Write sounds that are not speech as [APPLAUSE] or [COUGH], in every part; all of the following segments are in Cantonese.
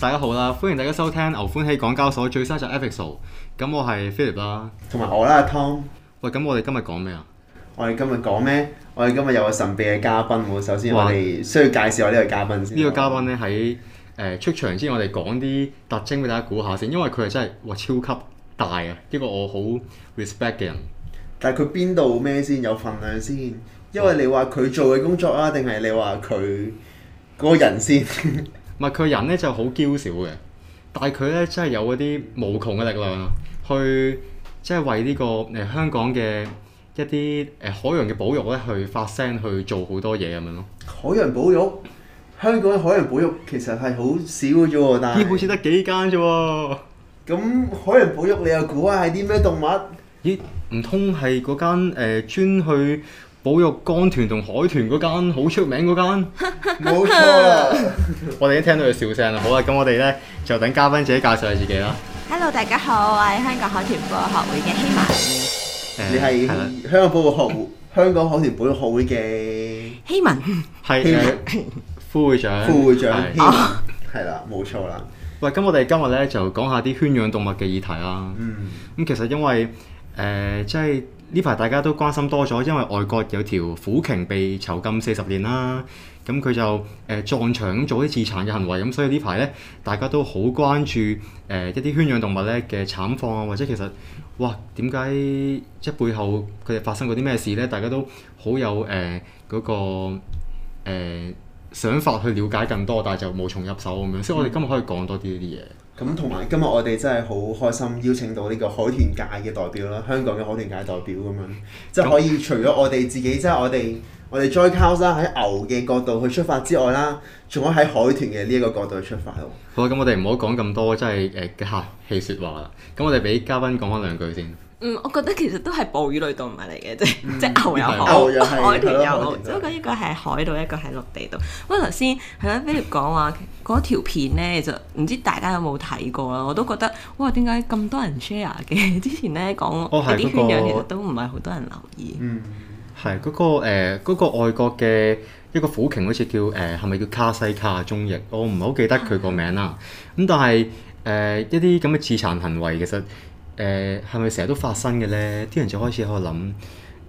大家好啦，歡迎大家收聽牛歡喜講交所最新集 episode。咁我係 Philip 啦，同埋我啦，Tom。喂，咁我哋今日講咩啊？我哋今日講咩？我哋今日有個神秘嘅嘉賓，首先我哋需要介紹下呢個嘉賓先。呢哇個嘉賓咧喺誒出場先，我哋講啲特徵俾大家估下先，因為佢係真係哇超級大啊！一個我好 respect 嘅人。但係佢邊度咩先有份量先？因為你話佢做嘅工作啊，定係你話佢嗰個人先？ [LAUGHS] 唔係佢人咧就好嬌小嘅，但係佢咧真係有嗰啲無窮嘅力量咯，去即係為呢、這個誒、呃、香港嘅一啲誒海洋嘅保育咧去發聲，去做好多嘢咁樣咯。海洋保育，香港嘅海洋保育其實係好少嘅咋喎，但係好似得幾間咋喎？咁海洋保育你又估下係啲咩動物？咦？唔通係嗰間誒專去？保育江豚同海豚嗰間好出名嗰間，冇錯。我哋已經聽到佢笑聲啦。好啦，咁我哋咧就等嘉賓自己介紹下自己啦。Hello，大家好，我係香港海豚保育學會嘅希汶。呃、你係香港保育學會、嗯、香港海豚保育學會嘅希汶，係副會長。副會長，希汶，係啦，冇錯啦。喂，咁、嗯、我哋今日咧就講下啲圈養動物嘅議題啦。嗯，咁其實因為誒、呃、即係。呢排大家都關心多咗，因為外國有條虎鯨被囚禁四十年啦，咁佢就誒、呃、撞牆咁做啲自殘嘅行為，咁所以呢排咧大家都好關注誒、呃、一啲圈養動物咧嘅慘況啊，或者其實哇，點解即係背後佢哋發生過啲咩事咧？大家都好有誒嗰、呃嗰個、呃想法去了解更多，但係就無從入手咁樣，所以我哋今日可以講多啲呢啲嘢。咁同埋今日我哋真係好開心邀請到呢個海豚界嘅代表啦，香港嘅海豚界代表咁樣，即係可以除咗我哋自己，即係、嗯、我哋我哋 Joy Cause 喺牛嘅角度去出發之外啦，仲可以喺海豚嘅呢一個角度去出發。好，咁我哋唔好講咁多，真係誒客氣說話啦。咁我哋俾嘉賓講翻兩句先。嗯，我覺得其實都係哺乳類動物嚟嘅啫，即係牛又好，海豚又好，只不過一個係海度，一個喺陸地度。哇！頭先係啦 Philip 講話嗰條片咧，其實唔知大家有冇睇過啦，我都覺得哇，點解咁多人 share 嘅？之前咧講嗰啲圈養，其實都唔係好多人留意。嗯，係嗰個誒嗰個外國嘅一個虎鯨，好似叫誒係咪叫卡西卡中翼？我唔係好記得佢個名啦。咁但係誒一啲咁嘅自殘行為，其實～誒係咪成日都發生嘅咧？啲人就開始喺度諗，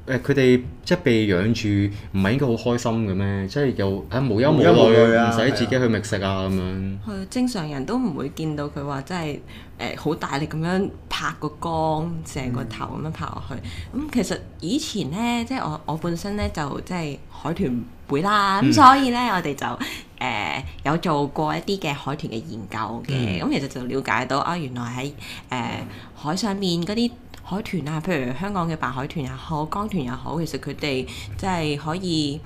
誒佢哋即係被養住，唔係應該好開心嘅咩？即係又啊，無憂無慮，唔使自己去覓食啊咁樣。係正常人都唔會見到佢話，即係誒好大力咁樣拍個缸，成個頭咁樣拍落去。咁、嗯、其實以前咧，即係我我本身咧就即係海豚會啦。咁、嗯、所以咧，我哋就。誒、呃、有做過一啲嘅海豚嘅研究嘅，咁、嗯嗯、其實就了解到啊，原來喺誒、呃嗯、海上面嗰啲海豚啊，譬如香港嘅白海豚又好，江豚又好，其實佢哋即係可以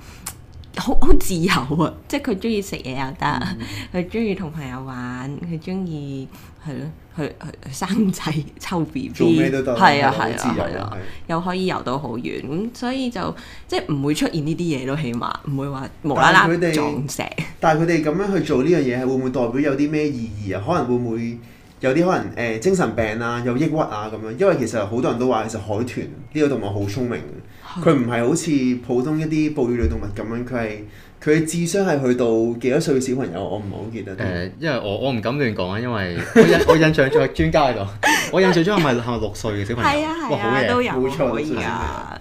好好自由啊！嗯、即係佢中意食嘢又得，佢中意同朋友玩，佢中意係咯。去去生仔抽 B B，做咩都得，啊，自由，啊又可以游到好遠，咁所以就即係唔會出現呢啲嘢咯，起碼唔會話無啦啦撞石。但係佢哋咁樣去做呢樣嘢，係會唔會代表有啲咩意義啊？可能會唔會有啲可能誒、欸、精神病啊，有抑鬱啊咁樣？因為其實好多人都話，其實海豚呢個動物好聰明。佢唔係好似普通一啲哺乳類動物咁樣，佢係佢智商係去到幾多歲嘅小朋友？我唔係好記得誒、呃，因為我我唔敢亂講啊，因為我我印象中係專家喺度，我印象中係咪係六歲嘅小朋友？啊啊、哇，好嘢、啊，冇錯，可以啊。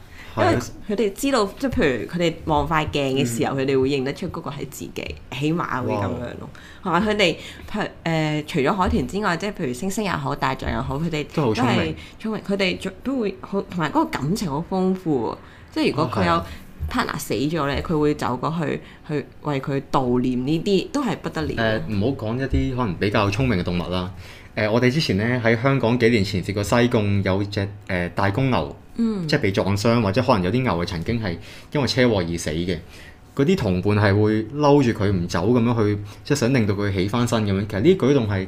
佢哋知道，即係譬如佢哋望塊鏡嘅時候，佢哋、嗯、會認得出嗰個係自己，起碼會咁樣咯。同埋佢哋，譬如、呃、除咗海豚之外，即係譬如猩猩又好，大象又好，佢哋都係聰明。佢哋都，都會好，同埋嗰個感情好豐富。即係如果佢有 partner 死咗咧，佢、哦、會走過去去為佢悼念呢啲，都係不得了。誒、呃，唔好講一啲可能比較聰明嘅動物啦。誒、呃，我哋之前咧喺香港幾年前試過西貢有隻誒、呃、大公牛，嗯、即係被撞傷，或者可能有啲牛係曾經係因為車禍而死嘅。嗰啲同伴係會嬲住佢唔走咁樣去，即係想令到佢起翻身咁樣。其實呢啲舉動係，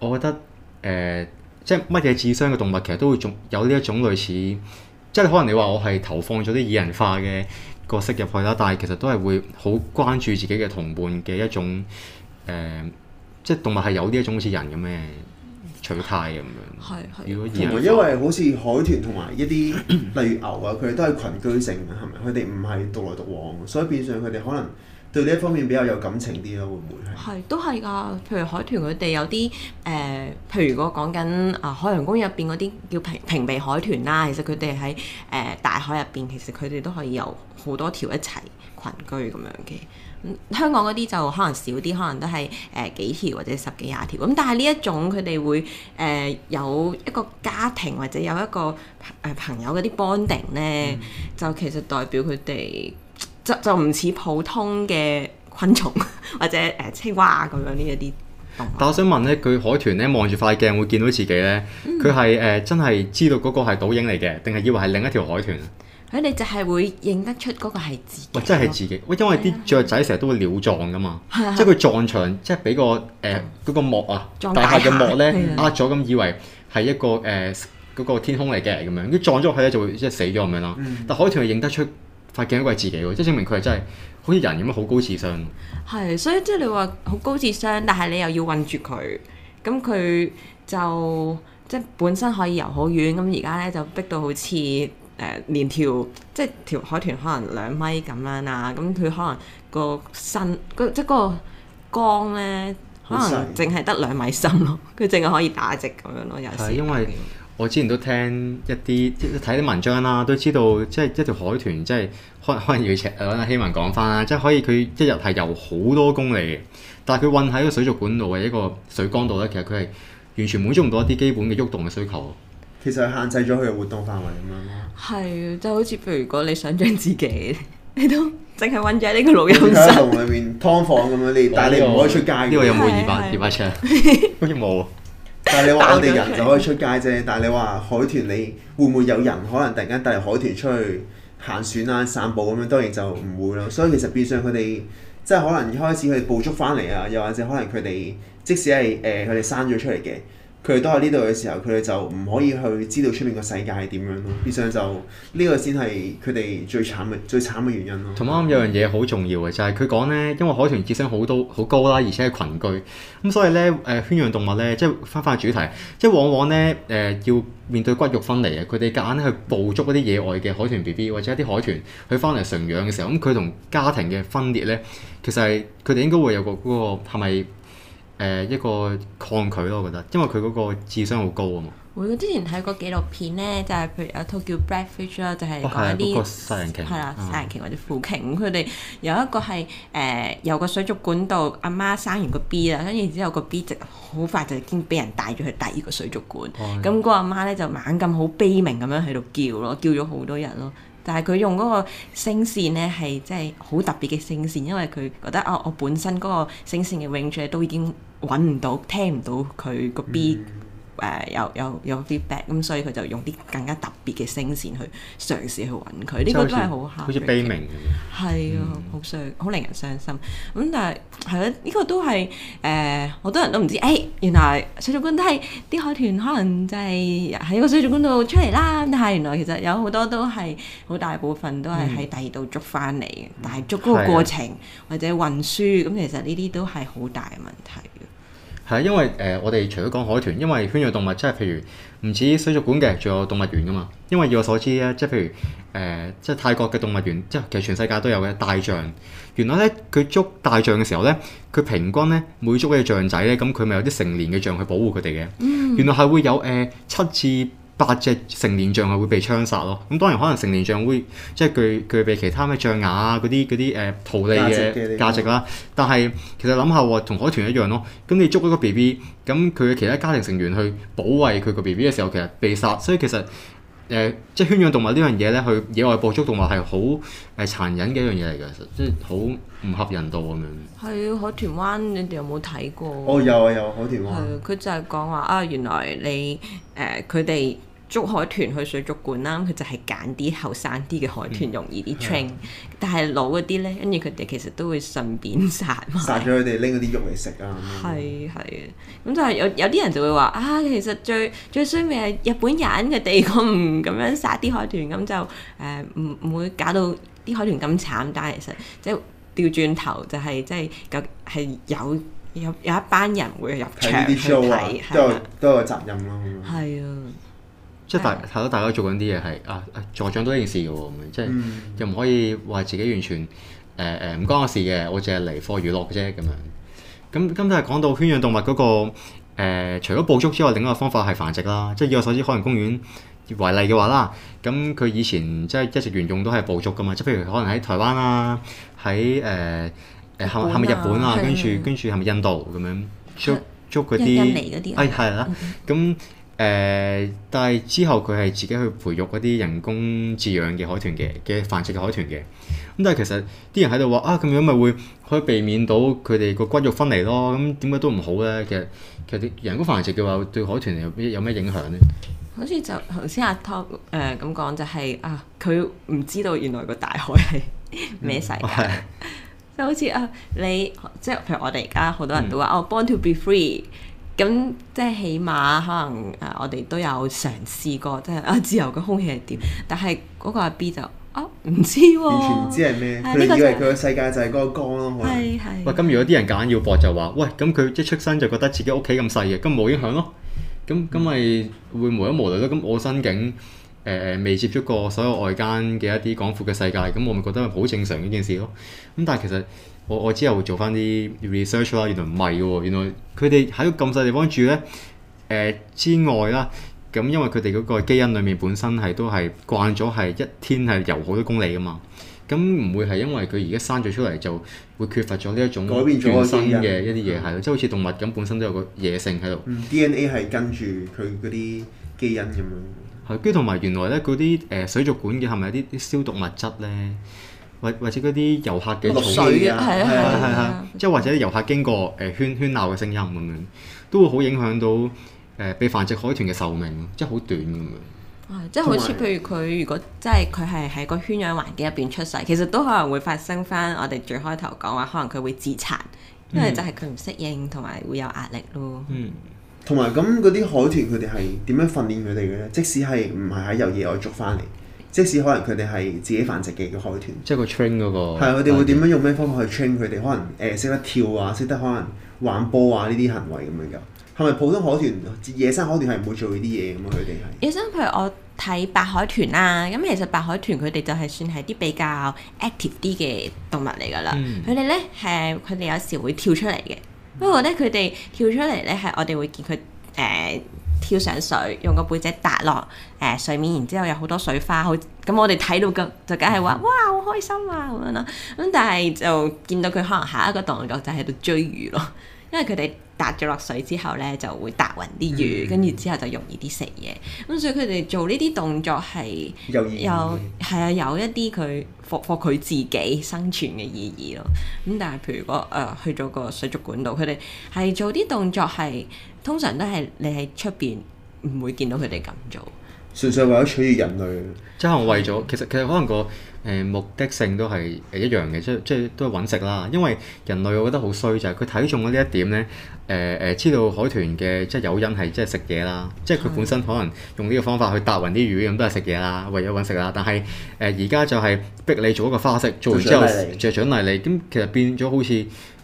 我覺得誒、呃，即係乜嘢智商嘅動物其實都會有呢一種類似，即係可能你話我係投放咗啲擬人化嘅角色入去啦，但係其實都係會好關注自己嘅同伴嘅一種誒、呃，即係動物係有呢一種好似人咁嘅。上癮咁樣，係係。因為好似海豚同埋一啲，例如牛啊，佢哋都係群居性嘅，係咪？佢哋唔係獨來獨往，所以變相佢哋可能對呢一方面比較有感情啲咯，會唔會？係，都係㗎。譬如海豚佢哋有啲誒、呃，譬如我講緊啊、呃、海洋公園入邊嗰啲叫瓶瓶鼻海豚啦、啊，其實佢哋喺誒大海入邊，其實佢哋都可以有好多條一齊群居咁樣嘅。香港嗰啲就可能少啲，可能都係誒、呃、幾條或者十幾廿條。咁但係呢一種佢哋會誒、呃、有一個家庭或者有一個誒朋友嗰啲 bonding 咧，就其實代表佢哋就就唔似普通嘅昆蟲或者誒、呃、青蛙咁樣呢一啲。動但我想問咧，佢海豚咧望住塊鏡會見到自己咧，佢係誒真係知道嗰個係倒影嚟嘅，定係以為係另一條海豚？佢哋就係會認得出嗰個係自己，、哦、自己，喂，真係自己，喂，因為啲雀仔成日都會鳥撞噶嘛，的即係佢撞牆，即係俾個誒嗰、呃那個、幕啊，撞下大塊嘅幕咧，呃咗咁，以為係一個誒嗰、呃那個、天空嚟嘅咁樣，佢撞咗落去咧，就會即係死咗咁樣啦。嗯、但海豚係認得出發現嗰個係自己喎，即係證明佢係真係好似人咁樣好高智商。係，所以即係你話好高智商，但係你又要韞住佢，咁佢就即係本身可以游好遠，咁而家咧就逼到好似。誒、呃、連條即係條海豚可能兩米咁樣啊，咁、嗯、佢可能個身，即係嗰個缸咧，小可能淨係得兩米深咯，佢淨係可以打直咁樣咯。有時係因為我之前都聽一啲睇啲文章啦，都知道即係一條海豚即係可能可能要請，啊，希汶講翻啦，即係可以佢一日係游好多公里，但係佢困喺個水族館度嘅一個水缸度咧，其實佢係完全滿足唔到一啲基本嘅喐動嘅需求。其實限制咗佢嘅活動範圍咁樣咯，係就好似譬如果你想像自己，你都淨係困在呢個錄音室，喺籠裏面劏房咁樣。你但係你唔可以出街因呢是是有冇耳返，耳返出好似冇。 [LAUGHS] [LAUGHS] 但係你話我哋人就可以出街啫。 [LAUGHS] 去但係你話海豚，你會唔會有人可能突然間帶海豚出去行船啊、散步咁樣？當然就唔會啦。所以其實變相佢哋即係可能一開始佢哋捕捉翻嚟啊，又或者可能佢哋即使係誒佢哋生咗出嚟嘅。佢哋都喺呢度嘅時候，佢哋就唔可以去知道出面個世界係點樣咯。變相就呢個先係佢哋最慘嘅最慘嘅原因咯。同埋啱有樣嘢好重要嘅就係佢講咧，因為海豚智商好多好高啦，而且係群居咁，所以咧誒、呃、圈養動物咧即係翻返主題，即係往往咧誒、呃、要面對骨肉分離啊！佢哋夾硬去捕捉一啲野外嘅海豚 B B 或者一啲海豚去翻嚟純養嘅時候，咁佢同家庭嘅分裂咧，其實係佢哋應該會有個嗰個係咪？誒一個抗拒咯，我覺得，因為佢嗰個智商好高啊嘛。我之前睇過紀錄片咧，就係、是、譬如有套叫《Blackfish》啦，就係講一啲係啦，殺人鯨或者虎鯨，佢哋有一個係誒由個水族館度，阿媽生完個 B 啦，跟住之後個 B 直好快就已經俾人帶咗去第二個水族館。咁嗰、哎、呀 個阿媽咧就猛咁好悲鳴咁樣喺度叫咯，叫咗好多日咯。但係佢用嗰個聲線咧係即係好特別嘅聲線，因為佢覺得啊、哦，我本身嗰個聲線嘅 range 都已經揾唔到，聽唔到佢個 B，誒有有有 feedback 咁、嗯，所以佢就用啲更加特別嘅聲線去嘗試去揾佢。呢個都係好嚇，好似悲鳴嘅，係啊、嗯，好傷，好令人傷心。咁、嗯嗯嗯、但係係啊，呢、這個都係誒好多人都唔知，誒、哎、原來水族館都係啲海豚，可能就係喺個水族館度出嚟啦。嗯、但係原來其實有好多都係好大部分都係喺第二度捉翻嚟、嗯、但係捉嗰個過程、嗯、或者運輸，咁、嗯嗯、其實呢啲都係好大嘅問題。係，因為誒、呃，我哋除咗講海豚，因為圈養動物即係譬如唔止水族館嘅，仲有動物園噶嘛。因為以我所知咧，即係譬如誒、呃，即係泰國嘅動物園，即係其實全世界都有嘅大象。原來咧，佢捉大象嘅時候咧，佢平均咧每捉嘅象仔咧，咁佢咪有啲成年嘅象去保護佢哋嘅。嗯、原來係會有誒、呃、七至八隻成年象係會被槍殺咯，咁當然可能成年象會即係具具備其他咩象牙啊嗰啲啲誒圖利嘅價值啦，值這個，但係其實諗下喎，同海豚一樣咯，咁你捉一個 B B，咁佢嘅其他家庭成員去保衞佢個 B B 嘅時候，其實被殺，所以其實誒、呃、即係圈養動物呢樣嘢咧，去野外捕捉動物係好誒殘忍嘅一樣嘢嚟㗎，即係好唔合人道咁樣。喺《海豚灣》，你哋有冇睇過？哦，有啊有《海豚灣》。佢就係講話啊，原來你誒佢哋。呃捉海豚去水族館啦，佢就係揀啲後生啲嘅海豚、嗯、容易啲 train、嗯、但係老嗰啲咧，跟住佢哋其實都會順便殺，殺咗佢哋拎嗰啲肉嚟食啊。係係啊，咁就係有有啲人就會話啊，其實最最衰咪係日本人嘅地方唔咁樣殺啲海豚，咁就誒唔唔會搞到啲海豚咁慘。但係其實即係調轉頭就係即係有有有，有，有一班人會入場去睇、啊，都有都有責任咯。係啊。 [NOISE] 即係大睇到大家都做緊啲嘢，係啊，在、啊、助長到一件事嘅喎，咁樣即係又唔可以話自己完全誒誒唔關我事嘅，我淨係嚟放娛樂嘅啫咁樣。咁咁都係講到圈養動物嗰、個、呃、除咗捕捉之外，另外一個方法係繁殖啦。即係以我所知，海洋公園為例嘅話啦，咁佢以前即係一直沿用都係捕捉嘅嘛。即係譬如可能喺台灣啦、啊，喺誒誒係係咪日本啊？跟住跟住係咪印度咁樣捉的捉嗰啲？誒係啦，咁。哎誒，但係之後佢係自己去培育嗰啲人工飼養嘅海豚嘅嘅繁殖嘅海豚嘅，咁但係其實啲人喺度話啊，咁樣咪會可以避免到佢哋個骨肉分離咯，咁點解都唔好咧？其實其實人工繁殖嘅話，對海豚有有咩影響咧？好似就頭先阿 Tom 誒咁講就係、是、啊，佢唔知道原來個大海係咩世界，就、嗯嗯嗯嗯、好似啊你即係譬如我哋而家好多人都話、嗯、哦 Born to be free。咁即係起碼，可能誒、啊、我哋都有嘗試過，即係啊自由嘅空氣係點？但係嗰個阿 B 就啊唔知啊完全唔知係咩，佢以為佢嘅世界就係嗰個缸咯。係係。喂，咁如果有啲人揀要搏，就話喂，咁佢一出生就覺得自己屋企咁細嘅，咁冇影響咯。咁咁咪會無憂無慮咯。咁我心境誒未、呃、接觸過所有外間嘅一啲廣闊嘅世界，咁我咪覺得好正常呢件事咯。咁但係其實。我我之後會做翻啲 research 啦，原來唔係喎，原來佢哋喺咁細地方住咧，誒、呃、之外啦，咁因為佢哋嗰個基因裡面本身係都係慣咗係一天係游好多公里噶嘛，咁唔會係因為佢而家生咗出嚟就會缺乏咗呢一種改變咗啲基因嘅一啲嘢係咯，嗯、即係好似動物咁本身都有個野性喺度，DNA 係跟住佢嗰啲基因咁樣。係，跟同埋原來咧嗰啲誒水族館嘅係咪有啲消毒物質咧？或或者嗰啲遊客嘅吵聲啊，係係係，即係、啊啊啊啊啊、或者遊客經過誒喧喧鬧嘅聲音咁樣，都會好影響到誒、呃、被繁殖海豚嘅壽命，即係好短咁樣、啊。即係好似有譬如佢如果即係佢係喺個圈養環境入邊出世，其實都可能會發生翻我哋最開頭講話，可能佢會自殘，因為就係佢唔適應同埋會有壓力咯。嗯，同埋咁嗰啲海豚佢哋係點樣訓練佢哋嘅咧？即使係唔係喺由野外捉翻嚟？即使可能佢哋係自己繁殖嘅海豚，即係個 train 嗰個，係 [NOISE] 啊，佢哋會點樣用咩方法去 train 佢哋？可能誒識、呃、得跳啊，識得可能玩波啊呢啲行為咁樣嘅。係咪普通海豚、野生海豚係唔會做呢啲嘢咁啊？佢哋係野生，譬如我睇白海豚啦、啊。咁其實白海豚佢哋就係算係啲比較 active 啲嘅動物嚟㗎啦。佢哋咧係佢哋有時會跳出嚟嘅。不過咧，佢哋跳出嚟咧係我哋會見佢誒。呃跳上水，用個背脊揼落誒水面，然之後有好多水花，好咁我哋睇到嘅就梗係話哇好開心啊咁樣啦。咁但係就見到佢可能下一個動作就喺度追魚咯，因為佢哋揼咗落水之後咧就會揼暈啲魚，跟住、嗯、之後就容易啲食嘢。咁、嗯、所以佢哋做呢啲動作係有有係啊，有一啲佢霍霍佢自己生存嘅意義咯。咁但係譬如講誒、呃、去咗個水族館度，佢哋係做啲動作係。通常都係你喺出邊唔會見到佢哋咁做，純粹為咗取悅人類。即係為咗其實其實可能個誒目的性都係誒一樣嘅，即係即係都係揾食啦。因為人類我覺得好衰就係佢睇中咗呢一點咧。誒、呃、誒，知道海豚嘅即係誘因係即係食嘢啦，即係佢本身可能用呢個方法去搭暈啲魚咁都係食嘢啦，為咗揾食啦。但係誒而家就係逼你做一個花式，做完之後獎獎勵你，咁其實變咗好似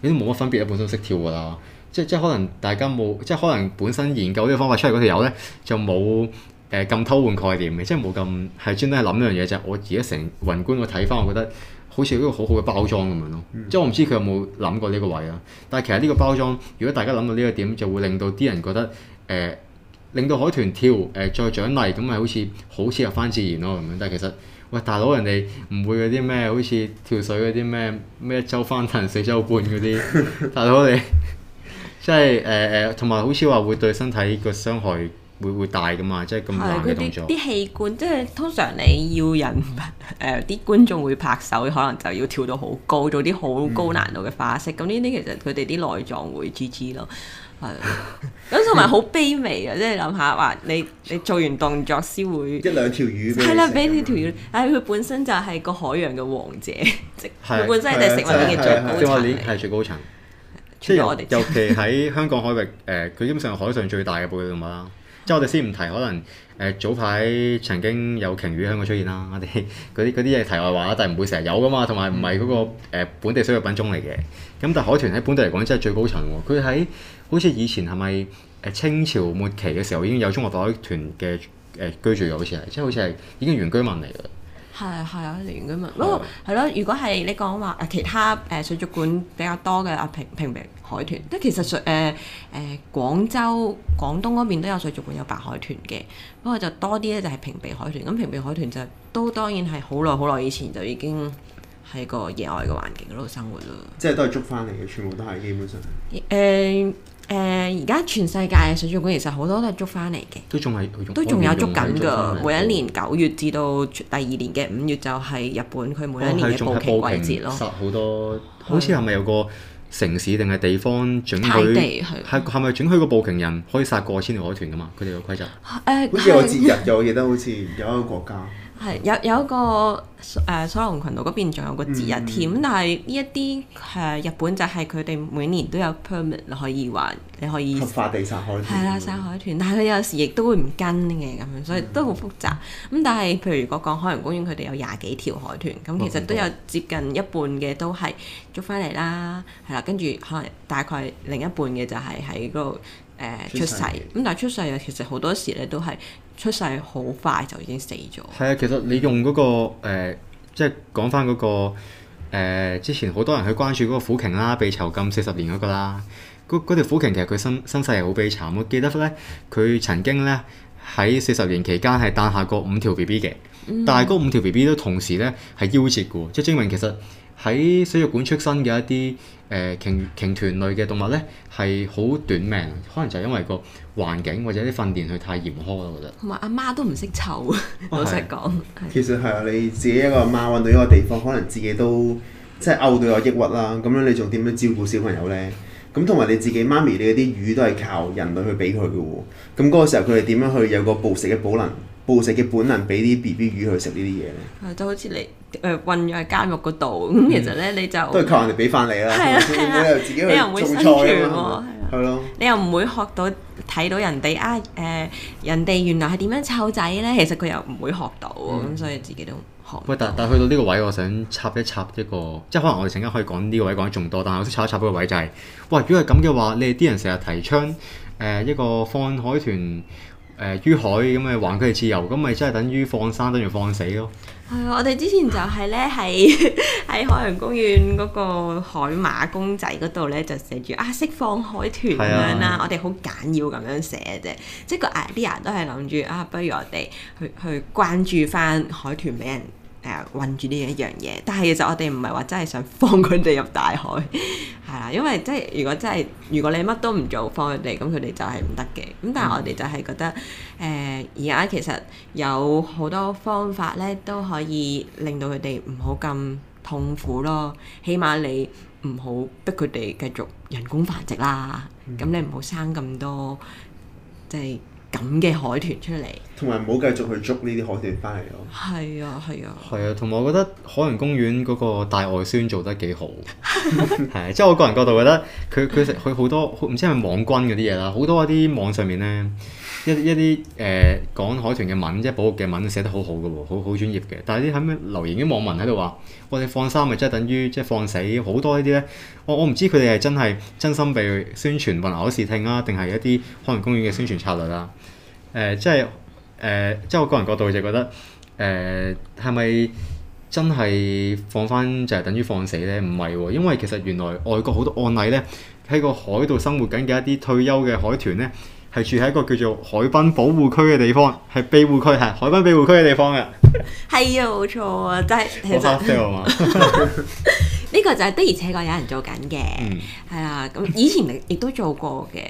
你都冇乜分別啦，本身都識跳噶啦。即係可能大家冇，即係可能本身研究呢個方法出嚟嗰條友咧，就冇誒咁偷換概念嘅，即係冇咁係專登去諗一樣嘢就係、是、我自己成宏觀我睇法，我覺得好似一個好好嘅包裝咁樣咯。嗯、即係我唔知佢有冇諗過呢個位啊。但係其實呢個包裝，如果大家諗到呢個點，就會令到啲人覺得誒、呃，令到海豚跳誒、呃、再獎勵，咁咪好似好似入翻自然咯咁樣。但係其實喂，大佬人哋唔會嗰啲咩，好似跳水嗰啲咩咩一週翻騰四週半嗰啲，大佬你。即係誒誒，同、呃、埋好似話會對身體個傷害會會大㗎嘛？即係咁難嘅動作，啲器官即係通常你要人誒啲、呃、觀眾會拍手，可能就要跳到好高，做啲好高難度嘅花式。咁呢啲其實佢哋啲內臟會 GG 咯。係，咁同埋好卑微啊！即係諗下話你你做完動作先會一兩條魚，係啦，俾你條魚，但係佢本身就係個海洋嘅王者，即係本身係啲食物鏈嘅最高最高層。 [LAUGHS] 即係尤其喺香港海域，誒、呃、佢基本上海上最大嘅哺乳動物啦。 [LAUGHS] 即係我哋先唔提，可能誒、呃、早排曾經有鯨魚喺香港出現啦。我哋嗰啲嗰啲嘢題外話，但係唔會成日有噶嘛。同埋唔係嗰個誒、呃、本地水域品種嚟嘅。咁但係海豚喺本地嚟講，真係最高層喎。佢喺好似以前係咪誒清朝末期嘅時候已經有中國海豚嘅誒居住咗？好似係即係好似係已經原居民嚟㗎。係係一年噶嘛，不過係咯，如果係你講話誒其他誒、呃、水族館比較多嘅，啊平平鼻海豚，即其實水誒誒廣州廣東嗰邊都有水族館有白海豚嘅，不過就多啲咧就係平鼻海豚，咁平鼻海豚就都當然係好耐好耐以前就已經。喺個野外嘅環境嗰度生活咯，即係都係捉翻嚟嘅，全部都係基本上。誒誒，而家全世界嘅水族館其實好多都係捉翻嚟嘅，都仲係都仲有捉緊㗎。每一年九月至到第二年嘅五月就係日本佢每一年嘅捕鯨季節咯。好多，好似係咪有個城市定係地方準許？係係咪準許個捕鯨人可以殺過千條海豚㗎嘛？佢哋嘅規則。好似我節日又記得好似有一個國家。係有有一個誒所羅門、呃、群島嗰邊仲有個節日添，嗯、但係呢一啲誒日本就係佢哋每年都有 permit 可以話你可以合法地殺海，海豚，但係佢有時亦都會唔跟嘅咁樣，所以都好複雜。咁、嗯、但係譬如如果講海洋公園，佢哋有廿幾條海豚，咁其實都有接近一半嘅都係捉翻嚟啦，係啦，跟住可能大概另一半嘅就係喺嗰度誒出世。咁但係出世又其實好多時咧都係。出世好快就已經死咗。係啊，其實你用嗰、嗰個、呃、即係講返嗰個、呃、之前好多人去關注嗰個虎鯨啦，被囚禁四十年嗰個啦。嗰嗰條虎鯨其實佢身身世係好悲慘，我記得咧，佢曾經咧喺四十年期間係誕下過五條 B B 嘅，嗯、但係嗰五條 B B 都同時咧係夭折嘅，即係證明其實。喺水族館出生嘅一啲誒鯨鯨豚類嘅動物咧，係好短命，可能就因為個環境或者啲訓練去太嚴苛啊，我覺得。同埋阿媽都唔識湊，老、哦、實講。哦、是其實係啊，你自己一個媽揾到一個地方，可能自己都即係嘔到有抑鬱啦。咁樣你仲點樣照顧小朋友咧？咁同埋你自己媽咪，你嗰啲魚都係靠人類去俾佢嘅喎。咁嗰個時候佢哋點樣去有個捕食嘅本能？捕食嘅本能俾啲 B B 魚去食呢啲嘢咧，係就好似你誒、呃、困咗喺監獄嗰度，咁、嗯、其實咧你就都係靠人哋俾翻你啦，啊的， [LAUGHS] 你又自己去做生存喎，係咯，你又唔會學到睇到人哋啊誒人哋原來係點樣湊仔咧，其實佢又唔會學到，咁、啊呃嗯、所以自己都學。喂，但但去到呢個位，我想插一插一個，即係可能我哋陣間可以講呢個位講得仲多，但係我想插一插呢個位就係、是，喂，如果係咁嘅話，你哋啲人成日提倡誒、呃呃、一個放海豚。誒於、呃、海咁咪還佢哋自由，咁咪即係等於放生，等於放死咯。係啊，嗯、我哋之前就係咧，喺喺海洋公園嗰個海馬公仔嗰度咧，就寫住啊釋放海豚咁樣啦。啊啊、我哋好簡要咁樣寫啫，即係個 idea 都係諗住啊，不如我哋去去關注翻海豚俾人。困、呃、住呢一樣嘢，但係其實我哋唔係話真係想放佢哋入大海，係 [LAUGHS] 啦，因為即、就、係、是、如果真係如果你乜都唔做放佢哋，咁佢哋就係唔得嘅。咁但係我哋就係覺得，誒而家其實有好多方法咧，都可以令到佢哋唔好咁痛苦咯。起碼你唔好逼佢哋繼續人工繁殖啦。咁、嗯、你唔好生咁多即係咁嘅海豚出嚟。同埋唔好繼續去捉呢啲海豚翻嚟咯。係啊，係啊。係啊，同埋我覺得海洋公園嗰個大外宣做得幾好， [LAUGHS] [LAUGHS] 係啊，即係我個人角度覺得佢佢佢好多唔知係網軍嗰啲嘢啦，好多一啲網上面咧一一啲誒講海豚嘅文，即係保育嘅文都寫得好好㗎喎，好好專業嘅。但係啲喺咩留言啲網民喺度話，我哋放生咪即係等於即係放死好多呢啲咧？我我唔知佢哋係真係真心被宣傳混淆視聽啊，定係一啲海洋公園嘅宣傳策略啊？誒、呃，即係。誒、呃，即係我個人角度就覺得，誒係咪真係放翻就係等於放死呢？唔係喎，因為其實原來外國好多案例呢，喺個海度生活緊嘅一啲退休嘅海豚呢，係住喺一個叫做「海濱保護區」嘅地方，係庇護區，係海濱庇護區嘅地方嘅。係啊，冇錯啊，真係。呢個就係的而且確有人做緊嘅，係啦、mm.。咁以前亦都做過嘅，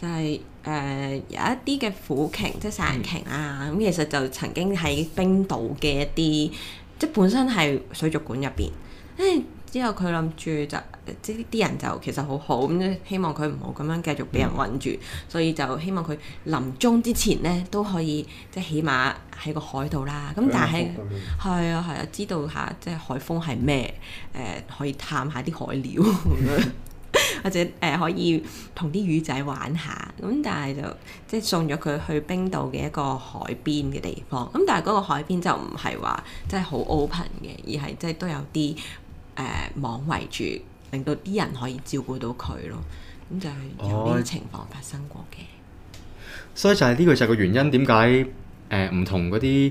就係、是、誒、呃、有一啲嘅虎鯨，即係殺人鯨啊。咁其實就曾經喺冰島嘅一啲，即本身係水族館入邊。哎之後佢諗住就，即啲人就其實好好咁，希望佢唔好咁樣繼續俾人困住，嗯、所以就希望佢臨終之前咧都可以，即起碼喺個海度啦。咁、嗯、但係係、嗯嗯、啊係啊，啊，知道下即海風係咩？誒、呃，可以探下啲海鳥， [LAUGHS] [LAUGHS] 或者誒、呃、可以同啲魚仔玩下。咁、嗯、但係就即送咗佢去冰島嘅一個海邊嘅地方。咁、嗯、但係嗰個海邊就唔係話即係好 open 嘅，而係即，即都有啲。誒網圍住，令到啲人可以照顧到佢咯，咁就係有呢啲情況發生過嘅、哦。所以就係呢個就係個原因，點解誒唔同嗰啲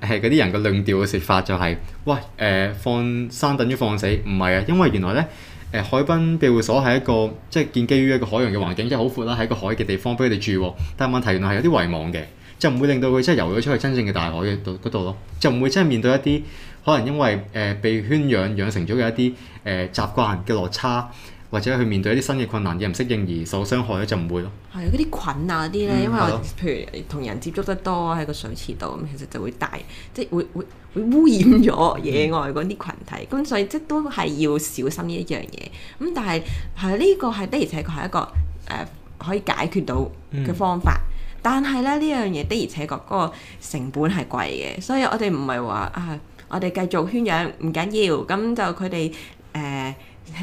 係嗰啲人嘅論調嘅說法就係、是，喂誒、呃、放生等於放死，唔係啊，因為原來咧誒、呃、海濱庇護所係一個即係、就是、建基於一個海洋嘅環境，即係好闊啦，喺個海嘅地方俾佢哋住。但係問題原來係有啲遺忘嘅，就唔會令到佢即係游咗出去真正嘅大海嘅度嗰度咯，就唔會真係面對一啲。可能因為誒、呃、被圈養養成咗嘅一啲誒、呃、習慣嘅落差，或者去面對一啲新嘅困難而唔適應而受傷害咧，就唔會咯。係嗰啲菌啊啲咧，嗯、因為了譬如同人接觸得多喺個水池度，咁其實就會大，即係會會會污染咗野外嗰啲群體。咁、嗯、所以即都係要小心呢一樣嘢。咁但係係呢個係的而且確係一個誒、呃、可以解決到嘅方法，嗯、但係咧呢樣嘢的而且確嗰個成本係貴嘅，所以我哋唔係話啊。啊我哋繼續圈養唔緊要，咁就佢哋誒，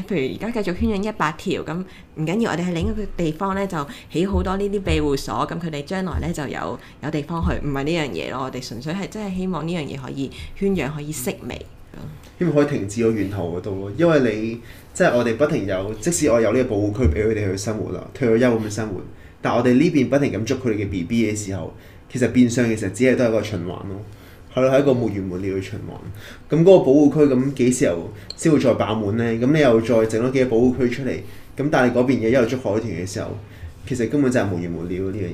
譬如而家繼續圈養一百條，咁唔緊要。我哋喺另一個地方咧，就起好多呢啲庇護所，咁佢哋將來咧就有有地方去，唔係呢樣嘢咯。我哋純粹係真係希望呢樣嘢可以圈養，可以式微，嗯、希望可以停止喺源頭嗰度咯。因為你即係我哋不停有，即使我有呢個保護區俾佢哋去生活啦，退咗休咁樣生活，但係我哋呢邊不停咁捉佢哋嘅 BB 嘅時候，其實變相其實只係都係一個循環咯。係咯，係一個無完無了嘅循環。咁嗰個保護區，咁幾時又先會再爆滿呢？咁你又再整多幾個保護區出嚟？咁但係嗰邊一路捉海豚嘅時候，其實根本就係無完無了呢樣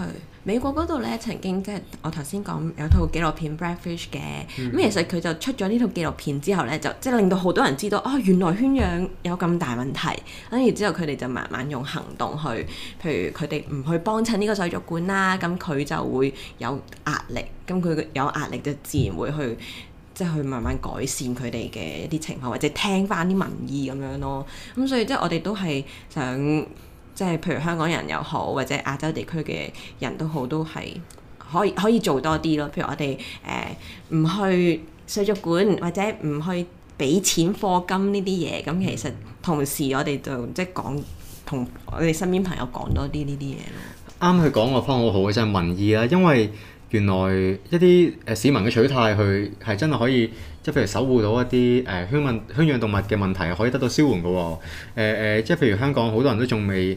嘢。係。美國嗰度咧，曾經即係我頭先講有套紀錄片《Blackfish》嘅、嗯，咁其實佢就出咗呢套紀錄片之後咧，就即係令到好多人知道，哦原來圈養有咁大問題，跟住之後佢哋就慢慢用行動去，譬如佢哋唔去幫襯呢個水族館啦，咁佢就會有壓力，咁佢有壓力就自然會去，嗯、即係去慢慢改善佢哋嘅一啲情況，或者聽翻啲民意咁樣咯。咁所以即係我哋都係想。即係譬如香港人又好，或者亞洲地區嘅人都好，都係可以可以做多啲咯。譬如我哋誒唔去水族館，或者唔去俾錢課金呢啲嘢。咁其實同時我哋就即係講同我哋身邊朋友講多啲呢啲嘢咯。啱佢講個方法好好嘅就係、是、民意啦，因為。原來一啲誒市民嘅取態，去係真係可以，即係譬如守護到一啲誒、呃、圈問圈養動物嘅問題，可以得到紓緩㗎喎、哦。誒、呃、誒，即係譬如香港好多人都仲未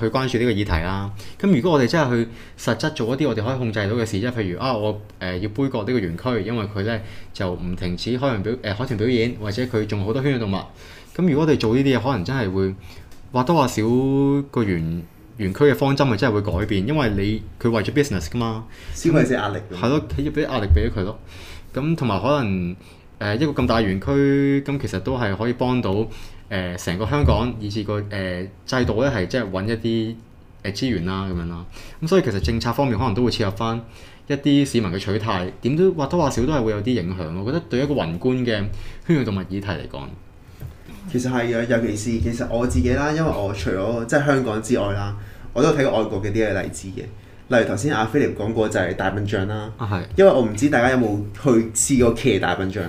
去關注呢個議題啦、啊。咁如果我哋真係去實質做一啲我哋可以控制到嘅事，即係譬如啊，我誒、呃、要杯葛呢個園區，因為佢咧就唔停止海洋表誒、呃、海豚表演，或者佢仲好多圈養動物。咁如果我哋做呢啲嘢，可能真係會或多或少個園。園區嘅方針咪真係會改變，因為你佢為咗 business 㗎嘛，消費者壓力。係咯，企業俾啲壓力俾咗佢咯。咁同埋可能誒、呃、一個咁大園區，咁其實都係可以幫到誒成、呃、個香港以至個誒、呃、制度咧，係即係揾一啲誒資源啦咁樣啦。咁所以其實政策方面可能都會切合翻一啲市民嘅取態，點都或多或少都係會有啲影響。我覺得對一個宏觀嘅圈養動物議題嚟講。其實係啊，尤其是其實我自己啦，因為我除咗即係香港之外啦，我都睇過外國嘅啲嘅例子嘅。例如頭先阿 Philip 講過就係大笨象啦，啊、因為我唔知大家有冇去試過騎大笨象，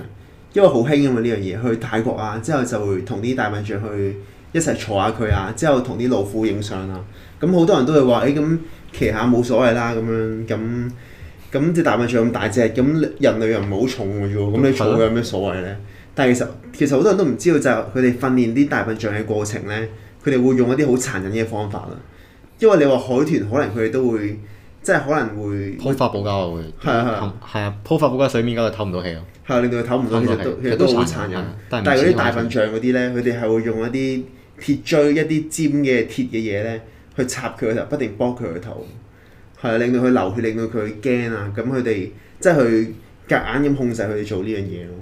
因為好興啊嘛呢樣嘢。去泰國啊，之後就會同啲大笨象去一齊坐下佢啊，之後同啲老虎影相啊。咁好多人都會話，誒、欸、咁騎下冇所謂啦，咁樣咁咁即大笨象咁大隻，咁人類又唔係好重嘅啫，咁你坐佢有咩所謂呢？但係其實其實好多人都唔知道就係佢哋訓練啲大笨象嘅過程咧，佢哋會用一啲好殘忍嘅方法咯。因為你話海豚可能佢哋都會即係可能會鋪發泡膠啊，會係啊係啊，鋪發泡膠水面嗰度，唞唔到氣咯，係令到佢唞唔到氣，其實都其實都好殘忍。但係嗰啲大笨象嗰啲咧，佢哋係會用一啲鐵錐，一啲尖嘅鐵嘅嘢咧去插佢嘅頭，不停剝佢嘅頭，係令到佢流血，令到佢驚啊！咁佢哋即係去夾硬咁控制佢哋做呢樣嘢咯。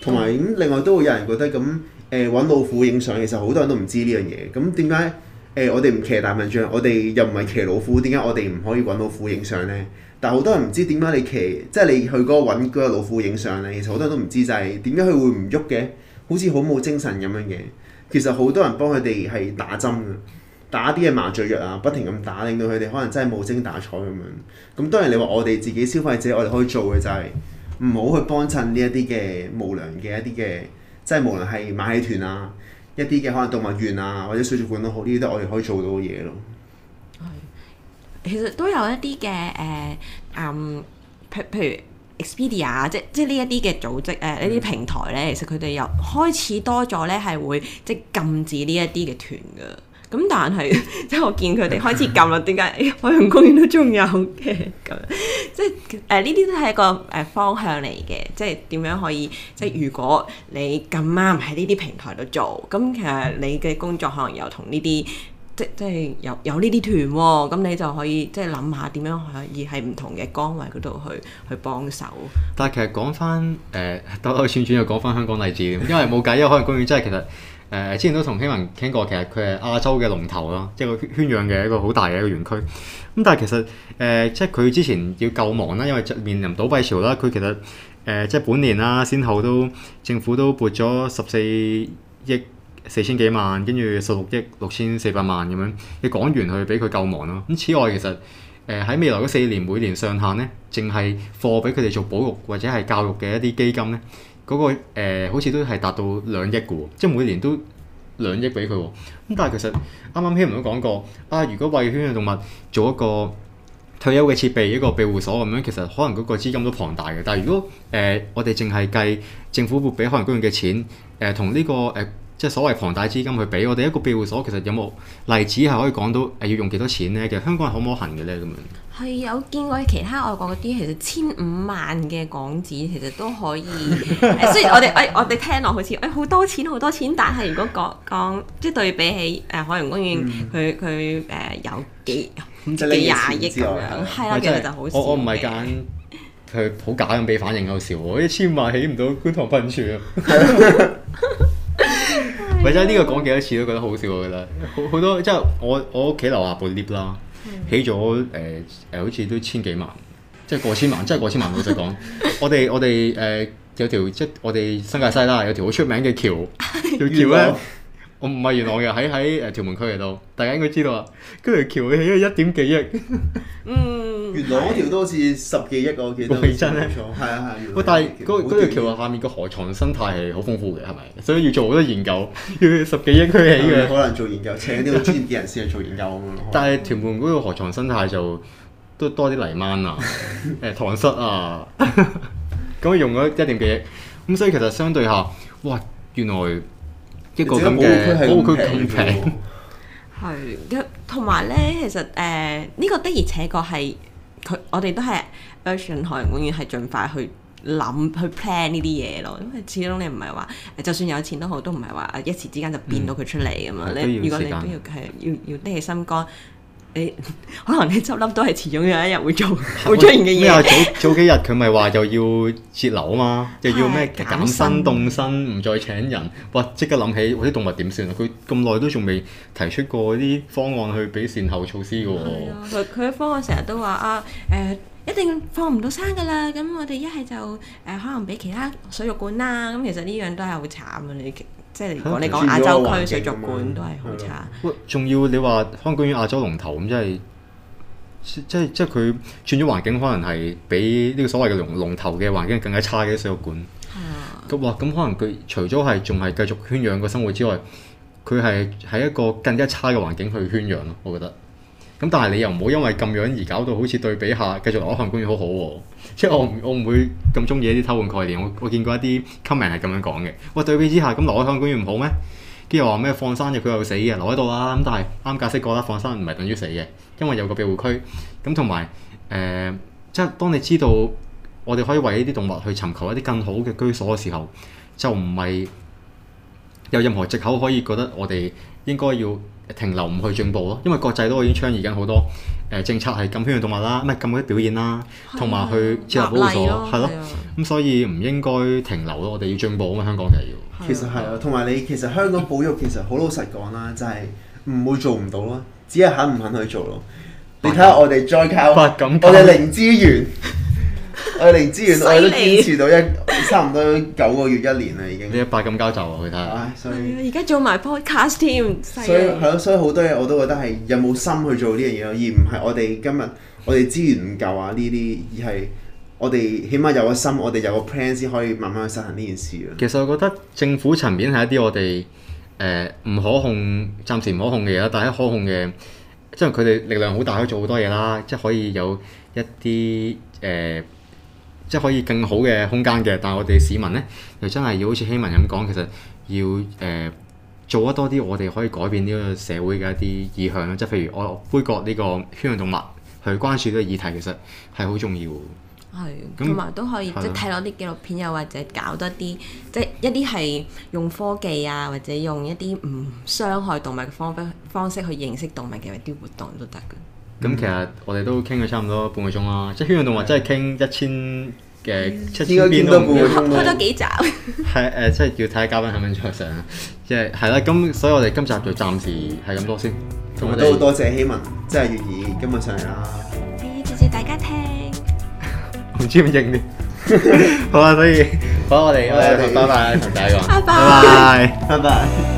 同埋另外都會有人覺得咁，誒、欸、揾老虎影相，其實好多人都唔知呢樣嘢。咁點解誒我哋唔騎大笨象？我哋又唔係騎老虎，點解我哋唔可以揾老虎影相呢？但係好多人唔知點解你騎，即、就、係、是、你去嗰個揾嗰個老虎影相呢？其實好多人都唔知就係點解佢會唔喐嘅，好似好冇精神咁樣嘅。其實好多人幫佢哋係打針，打啲嘅麻醉藥啊，不停咁打，令到佢哋可能真係冇精打采咁樣。咁當然你話我哋自己消費者，我哋可以做嘅就係、是。唔好去幫襯呢一啲嘅無良嘅一啲嘅，即係無論係馬戲團啊，一啲嘅可能動物園啊，或者水族館都好，呢啲都我哋可以做到嘅嘢咯。其實都有一啲嘅誒，譬如 Expedia，即即呢一啲嘅組織誒呢啲平台呢，其實佢哋又開始多咗呢，係會即係禁止呢一啲嘅團㗎。咁但係即係我見佢哋開始撳啦，點解、 [LAUGHS] 哎、海洋公園都仲有嘅？咁 [LAUGHS] 即係誒呢啲都係一個誒、呃、方向嚟嘅，即係點樣可以即係、嗯、如果你咁啱喺呢啲平台度做，咁其實你嘅工作可能又同呢啲即即係有有呢啲團、哦，咁你就可以即係諗下點樣可以喺唔同嘅崗位嗰度去去幫手。但係其實講翻誒兜兜轉轉又講翻香港例子，因為冇計，因為海洋公園真係其實。 [LAUGHS] 誒之前都同希汶傾過，其實佢係亞洲嘅龍頭咯、呃，即個圈圈養嘅一個好大嘅一個園區。咁但係其實誒，即係佢之前要救亡啦，因為就面臨倒閉潮啦。佢其實誒、呃，即係本年啦、啊，先後都政府都撥咗十四億四千幾萬，跟住十六億六千四百萬咁樣，你講完去俾佢救亡咯。咁此外其實誒喺、呃、未來嗰四年每年上限咧，淨係放俾佢哋做保育或者係教育嘅一啲基金咧。嗰、那個、呃、好似都係達到兩億嘅喎，即係每年都兩億俾佢喎。咁但係其實啱啱希汶都講過，啊如果為圈養動物做一個退休嘅設備一個庇護所咁樣，其實可能嗰個資金都龐大嘅。但係如果誒、呃、我哋淨係計政府撥俾海洋公園嘅錢，誒、呃、同呢、這個誒。呃即係所謂龐大資金去俾我哋一個庇護所，其實有冇例子係可以講到誒要用幾多錢咧？其實香港係可唔可行嘅咧，咁樣係有見過其他外國嗰啲，其實千五萬嘅港紙其實都可以。 [LAUGHS] 雖然我哋、哎、我哋聽落好似誒好多錢好多錢，但係如果講講即係對比起誒、呃、海洋公園，佢佢誒有幾幾廿億咁樣，係啦，其實就好少。我唔係揀佢好假咁俾反應有個我一千萬起唔到觀塘噴泉啊！唔係呢個講幾多次都覺得好笑㗎啦，好好多即係我我屋企樓下部 lift 啦，起咗誒誒好似都千幾萬，即係過千萬， [LAUGHS] 即係過千萬。老實講，我哋我哋誒、呃、有條即係我哋新界西啦，有條好出名嘅橋，叫元朗。 [LAUGHS] 我唔係元朗嘅，喺喺誒屯門區嚟度。大家應該知道啊。跟住條橋起咗一點幾億， [LAUGHS] 嗯。元朗嗰條都好似十幾億，我記得。個氣真係啊係。喂，但係嗰嗰條橋下面個河床生態係好豐富嘅，係咪？所以要做好多研究，要十幾億去起嘅。可能做研究，請啲好專業嘅人士去做研究。但係屯門嗰個河床生態就都多啲泥灣啊，誒塘濕啊，咁用咗一點幾億。咁所以其實相對下，哇，原來一個咁嘅區係咁平。係，同埋咧，其實誒呢個的而且確係。佢我哋都係 version 海洋公園係盡快去諗去 plan 呢啲嘢咯，因為始終你唔係話就算有錢都好，都唔係話一時之間就變到佢出嚟㗎嘛。嗯、你如果你都要係要要低起心肝，你 [MUSIC] 可能你執笠都係始終有一日會做會出現嘅嘢。咩啊？早早幾日佢咪話又要節流嘛，又要咩減薪、凍薪 [LAUGHS] 身，唔再請人。哇！即刻諗起啲動物點算啊？佢咁耐都仲未提出過啲方案去俾善後措施嘅喎。佢佢嘅方案成日都話啊，誒、呃、一定放唔到生㗎啦。咁我哋一係就誒、呃、可能俾其他水族館啦。咁、啊、其實呢樣都係好慘嘅嚟即係如果你講亞洲區水族館都係好差，啊，喂，仲、嗯、要你話香港園亞洲龍頭咁真係，即係即係佢轉咗環境，可能係比呢個所謂嘅龍龍頭嘅環境更加差嘅水族館。咁哇、啊，咁可能佢除咗係仲係繼續圈養個生活之外，佢係喺一個更加差嘅環境去圈養咯，我覺得。咁但係你又唔好因為咁樣而搞到好似對比下，繼續留喺海洋公園好好、啊、喎。即係我唔我唔會咁中意呢啲偷換概念。我我見過一啲 comment 係咁樣講嘅。喂，對比之下，咁留喺海洋公園唔好咩？跟住又話咩放生又佢又死嘅，留喺度啦。咁但係啱解釋過啦，放生唔係等於死嘅，因為有個庇護區。咁同埋誒，即係當你知道我哋可以為呢啲動物去尋求一啲更好嘅居所嘅時候，就唔係有任何藉口可以覺得我哋應該要停留唔去進步咯，因為國際都已經倡議緊好多誒、呃、政策係禁圈養動物啦，唔係禁嗰啲表演啦，同埋的去設立保護所，係咯，咁所以唔應該停留咯，我哋要進步啊嘛，香港係要。的其實係啊，同埋你其實香港保育其實好老實講啦，就係、係、唔會做唔到咯，只係肯唔肯去做咯。的你睇下我哋再靠的我哋的零資源。 [LAUGHS] 我哋連資源我都堅持到一 [LAUGHS] 差唔多九個月一年啦，已經。你一拍咁交集，啊，我睇下。所以而家做埋 podcast 添。所以係咯，所以好多嘢我都覺得係有冇心去做呢樣嘢咯，而唔係我哋今日我哋資源唔夠啊呢啲，而係我哋起碼有個心，我哋有個 plan 先可以慢慢去實行呢件事。其實我覺得政府層面係一啲我哋誒唔可控，暫時唔可控嘅嘢，但係可控嘅，即係佢哋力量好大，可以做好多嘢啦，即係可以有一啲誒。呃即係可以更好嘅空間嘅，但係我哋市民呢，又真係要好似希汶咁講，其實要誒、呃、做得多啲，我哋可以改變呢個社會嘅一啲意向啦。即係譬如我推廣呢個圈養動物，去關注呢個議題，其實係好重要。係的，同埋都可以，即係睇多啲紀錄片又，又或者搞多啲，即、就、係、是、一啲係用科技啊，或者用一啲唔傷害動物嘅方法方式去認識動物嘅，一啲活動都得嘅。咁其實我哋都傾咗差唔多半個鐘啦，即係《圈養動物》真係傾一千嘅，一千邊都開多幾集，係誒，即係要睇下嘉賓肯唔肯再上，即係係啦。咁所以我哋今集就暫時係咁多先，同埋都多謝希汶，真係願意今日上嚟啦，咦，謝謝大家聽，唔知唔應呢？好啦，所以好我哋我哋同豆仔同拜拜拜拜。